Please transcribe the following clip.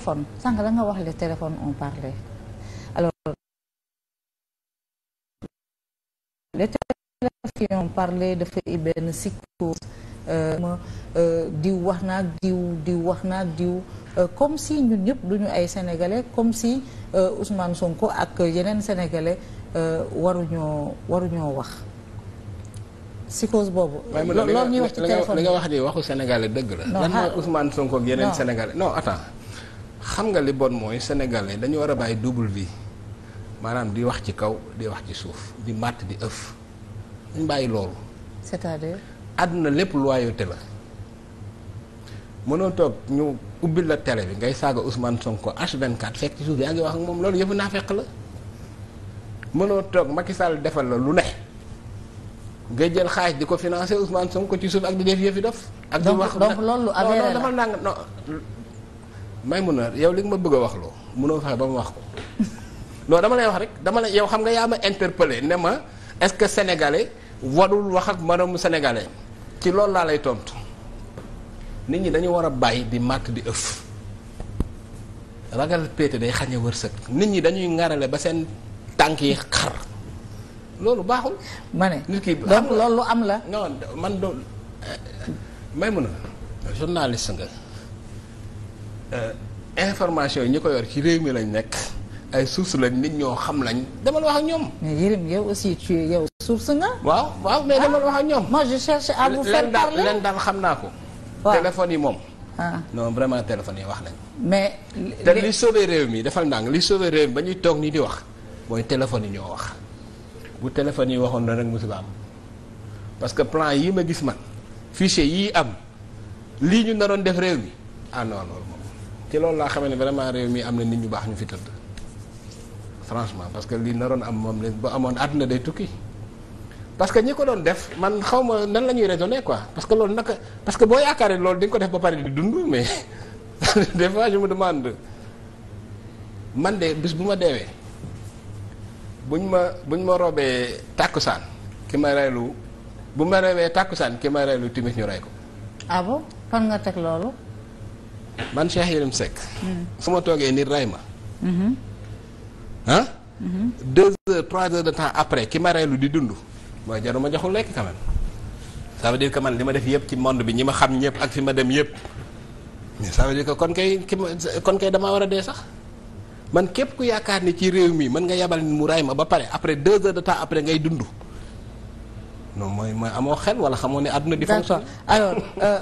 téléphone sànq da nga wax le téléphone on parlait alors dafa i benn euh, euh, diw wax naag diw diw wax naag diw euh, comme si ñun ñëpp duñu ay sénégalais comme si Ousmane Sonko ak yeneen sénégalais waruñoo waruñoo wax psychose boobu. loolu ñuy wax ci téléphone li nga wax ni waxu ah. ak yeneen sénégalais non attends. xam nga li bon mooy sénégalais dañu war a bàyyi double vie maanaam di wax ci kaw di wax ci suuf di màtt di ëf dañ bàyyi loolu. c'est-à-dire. àdduna lépp loyauté la mënoo toog ñu ubbil la télé bi ngay saaga Ousmane Sonko H24 fekk ci suuf yaa ngi wax ak moom loolu yëfu naa fekk la mënoo toog Macky Sall defal la lu ne nga jël xaalis di ko financer Ousmane Sonko ci suuf ak di def yëfi dof ak di wax donc loolu lu avéré la non may Maimouna yow li ma bëgg a wax loo mënoo fexe ba ma wax ko non dama lay wax rek dama la yow xam nga yaa ma interpellé ne ma est-ce que sénégalais warul wax ak manamu sénégalais ci loolu laa lay tontu nit ñi dañu war a bàyyi di màtt di ëf ragal péete day xañe wërsëg nit ñi dañuy ngarale ba seen tànk yi xar loolu baaxul. ma ne nit ki donc loolu lu am la. non man do Maimouna journaliste nga. Euh, information yi ñu ko yor ci réew mi lañu nekk ay source lañ nit ñoo xam lañ demal wax ak ñoom. mais Yérim yow aussi tu yow source nga. waaw waaw mais demal wax ak ñoom. moi je cherche à vous faire parler leen daal xam naa ko. waaw téléphone yi moom. Ah. non vraiment téléphone yi wax nañ mais te li sauvé réew mi defal ndànk li sauvé réew mi ba ñuy toog nii di wax mooy téléphone yi ñoo wax bu téléphone yi waxoon na rek musiba am parce que plan yi ma gis man fichier yii am lii ñu naroon def réew mi ah non loolu moom. ci loolu laa xamee ne vraiment réew mi am na nit ñu baax ñu fi tëdd franchement parce que li naroon am moom leen ba amoon àdduna day tukki parce que ñi ko doon def man xaw ma nan la ñuy raisonner quoi parce que loolu naka parce que boo yaakaaree loolu di ko def ba pare di dund mais des fois je me demande man de bis bu ma deewee buñ ma buñ ma robee tàkkusaan ki ma reelu bu ma robee tàkkusaan ki ma reylu timis ñu rey ko. ah bon nga teg loolu. man Cheikh Yérim Seck. Hmm. su ma toogee nit rey ma. Mm-hmm. ah. Mm-hmm. deux heures trois heures de temps après ki ma reylu di dund mooy jaruma ma joxul lekk quand même ça veut li ma def yëpp ci monde bi ñi ma xam ñëpp ak fi ma dem yëpp mais ça veut dire que kon kay ki ma kon kay damaa war a dee sax man képp ku yaakaar ni ci réew mi man nga yabal mu ray ma ba pare après deux heures de temps après ngay dund non mooy mooy amoo xel wala xamoo ne àdduna di. fonctionne